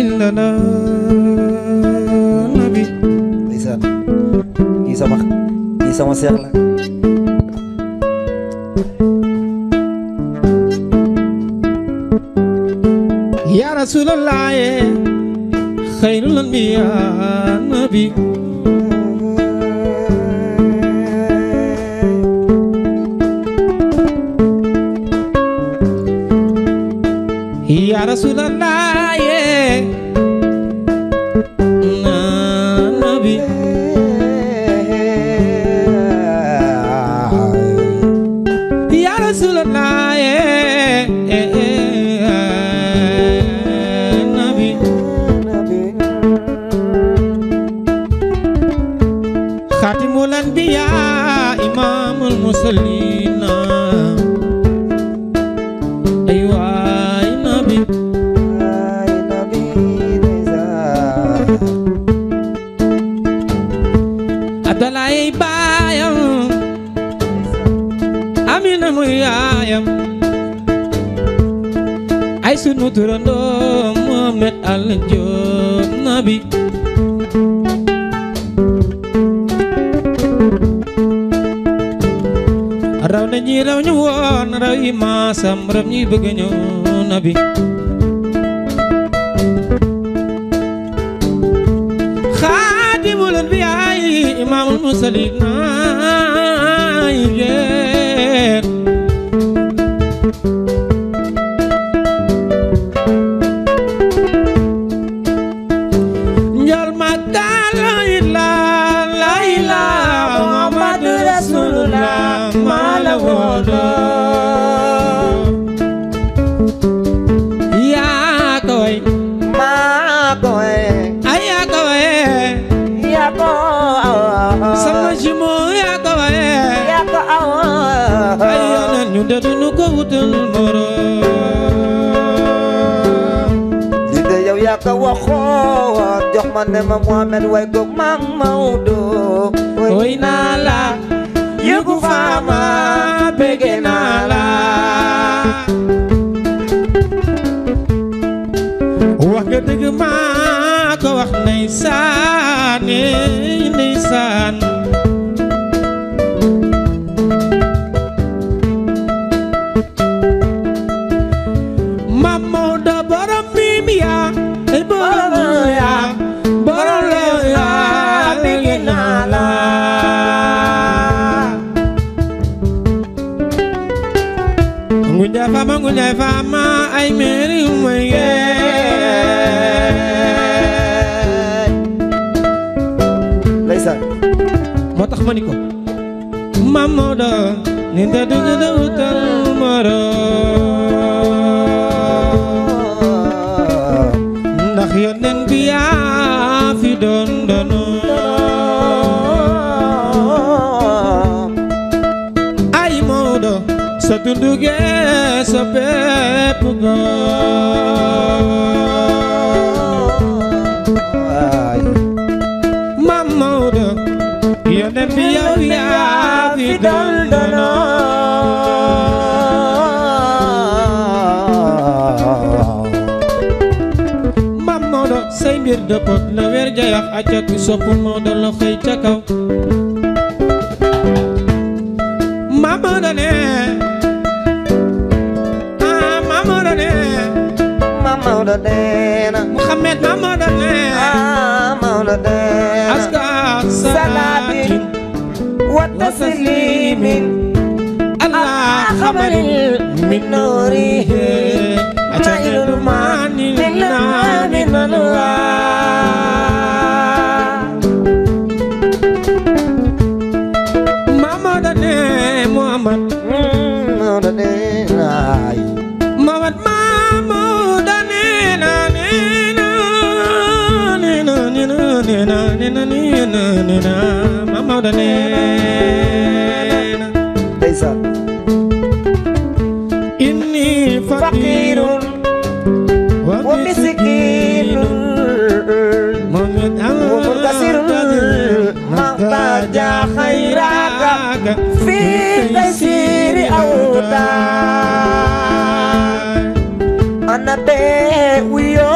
يا رسول الله خير الأنبياء نبي يا رسول الله خاتم الأنبياء إمام المرسلين أيوة يا نبي Abdalaay baayam Amina muy yaayam ay sunu turandoo Mohamed Alla Joob nabi raw na ñi raw ñu woon raw yi maasam raw ñi bëgg ñëw nabi xaadimul anbiyaa imaamul mursaliin sama ji moo yaa ko waye yaa ko awoon ay yonen ñu de du nu ko wutal borom li de yow yaa ko waxoon jox ma ne ma Mohamed way ko maam Maodo way naa la yëgu faama bege naa la wax nga dëgg maa ko wax ndeysaan ndeysaan Mungu njafama, mungu njafama, ay meri umwenge. moo tax ma ni ko Mame Maodo ninda duñu la wutal moroom ndax yonen biya fi don doonu ay Maodo sa dundu gee sa bépp góor يا نبي يا في دلدنا مامودو سي مير دبوت لا وير جايخ اتا كو سوبون مودو لو خي تا كاو مامودو ني اه مامودو ني مامودو ني محمد مامودو ني اه مامودو ني salabin what does it mean min nurih ma ilu man min neena neena neena Maam Maodo neena ndeysaan inni faqirun wa miskinun wa murtasirun mahtaja khayraka fi taysiri awtar ana te wiyo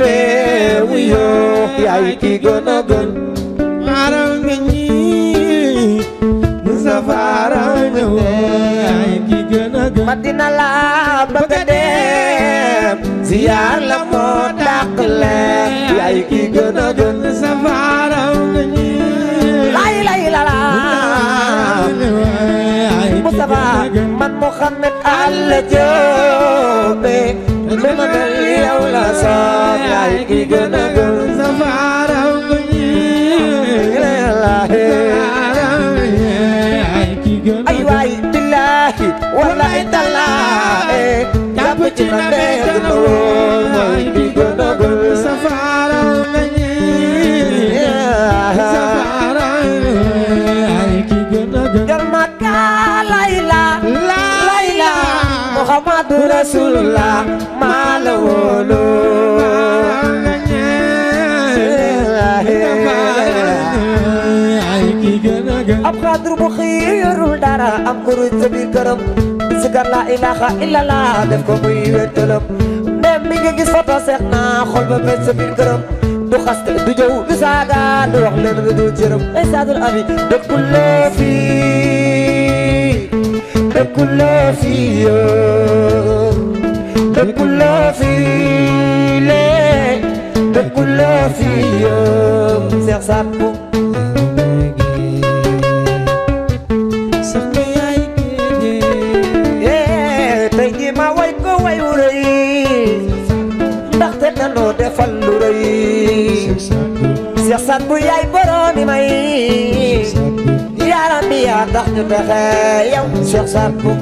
bee wuyoo yaay ki gën a gën maaraw nga ñi musafaara ñëw yaay ki gën a gën madina laa bëgg a dem ziyaar la moo dàq leen yaay ki gën a gën musafaara nga ñi lay lay la laa Mustafa man Muhammad àll joobe gën a gën yow ay a wóor layla layla Muhammadu Rasulullah ab xaadir bu xiirul dara am kuruj sa biir këram sikar laa ilaaha illallah def ko muy wéttalam ndem mi nga gis foto seex naa xol ba fees sa biir këram du xaste du jëw du saaga du wax leen lu dul jërëm ay saadul ami dëkkul loo fii dëkkul loo fii dëkkul fiile dëkku eh, la fiyam seex sàkku danoo defal lu rëy Seex Saat bu yaay boroomi may yaaram bi yaa tax ñu texe yow Seex Saat bu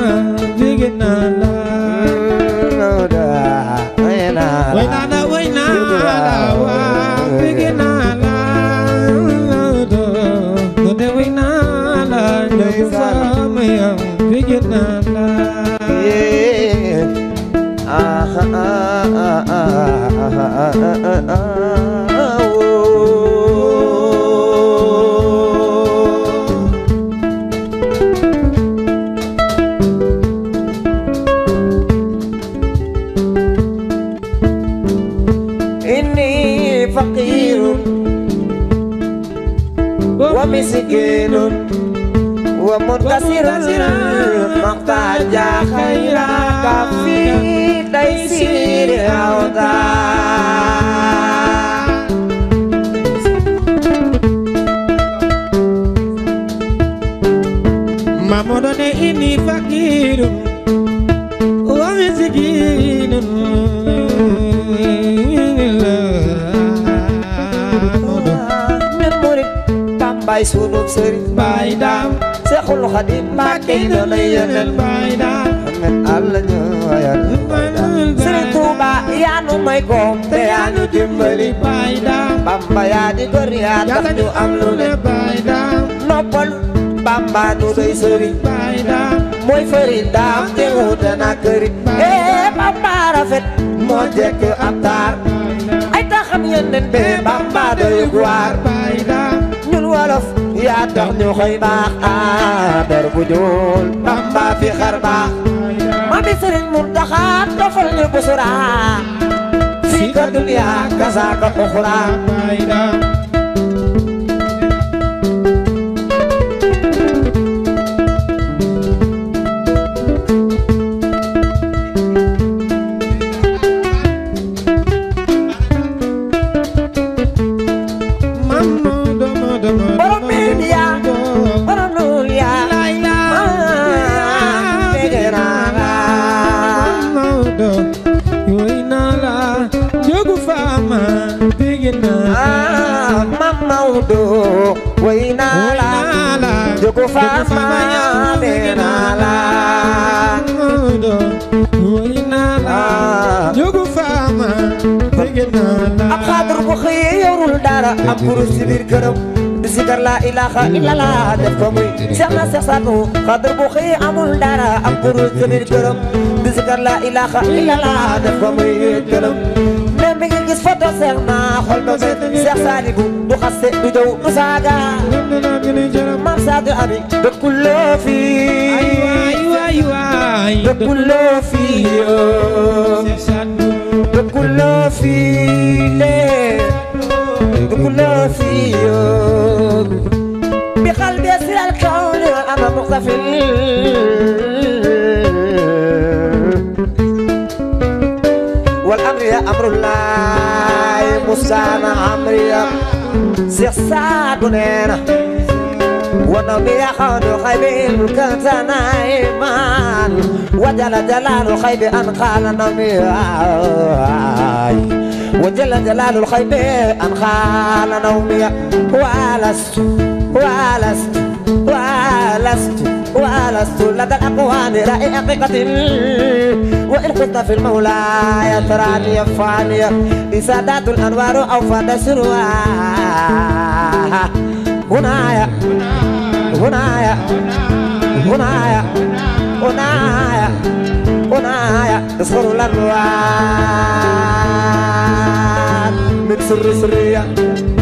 na, jigit na la. Mamodone ini fakirun Wa miskinun bay murid sering baidam Syekhul Khadim makin donayan baidam Amin Allah nyoyan yaa nu may koom te yaa nu dimbali baay daam bamba yaa di gor yaa tax ñu am lu ne baay daam noppalu bamba nu doy baay daam mooy fëriñ daam te wuute na këriñ ee eh, bamba rafet moo jekk ab taar ay taxam yeneen bee bamba doy guwaar baay daam yaa tax ñu koy baax a ah, der bu ñuul bamba fi xar baax ma di sëriñ Muntaxa dofal ñu busura si ka duniya kasaaka uxura أمبروس تبير كرم ذكر لا إله إلا الله دفكمي سما سسانو خضر بخي أمول دارا أمبروس تبير كرم ذكر لا إله إلا الله دفكمي كرم نمي جس فتو سرنا خل نزيد سرسالي بو دخس بدو مساقا مفساد أبي بكل في أيوة أيوة أيوة بكل في بكل في ليه بكل فيك بقلبي يسير الكون أنا مقتفل والأمر يا أمر الله مستعان أمري سيسا قنين ونبي خد خيب كنت نايمان وجل جلال خيب أنقال نبي آه. وجل جلال الخيب أن خان نومي ولست ولست ولست ولست لدى الأقوان رأي حقيقة وإن كنت في المولى تراني فاني إسادات الأنوار أو هنا هنايا هنايا هنايا هنايا هنايا اصغروا الأنوار res, res,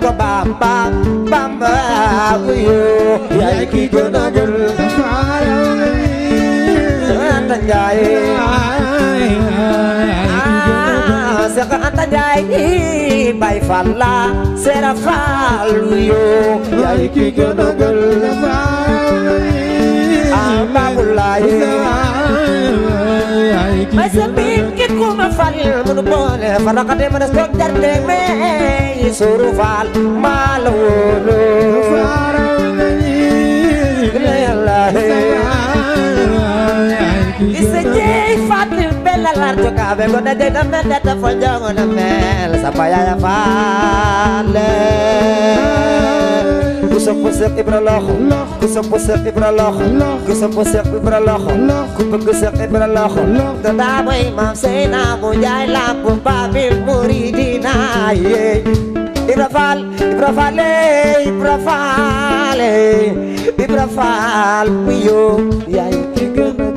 ka bamba bamba uyo ya ki jona gel tanjai saka tanjai bai falla sera faluyo ya ki jona gel amma kullai Masa pingin ku mafal Munu boleh Farakatim Manu stok dar surval malolo malawuru Ibra Faal Ibra Faal eh, Ibra Faal eh, Ibra Faal bu yow yaay ki gën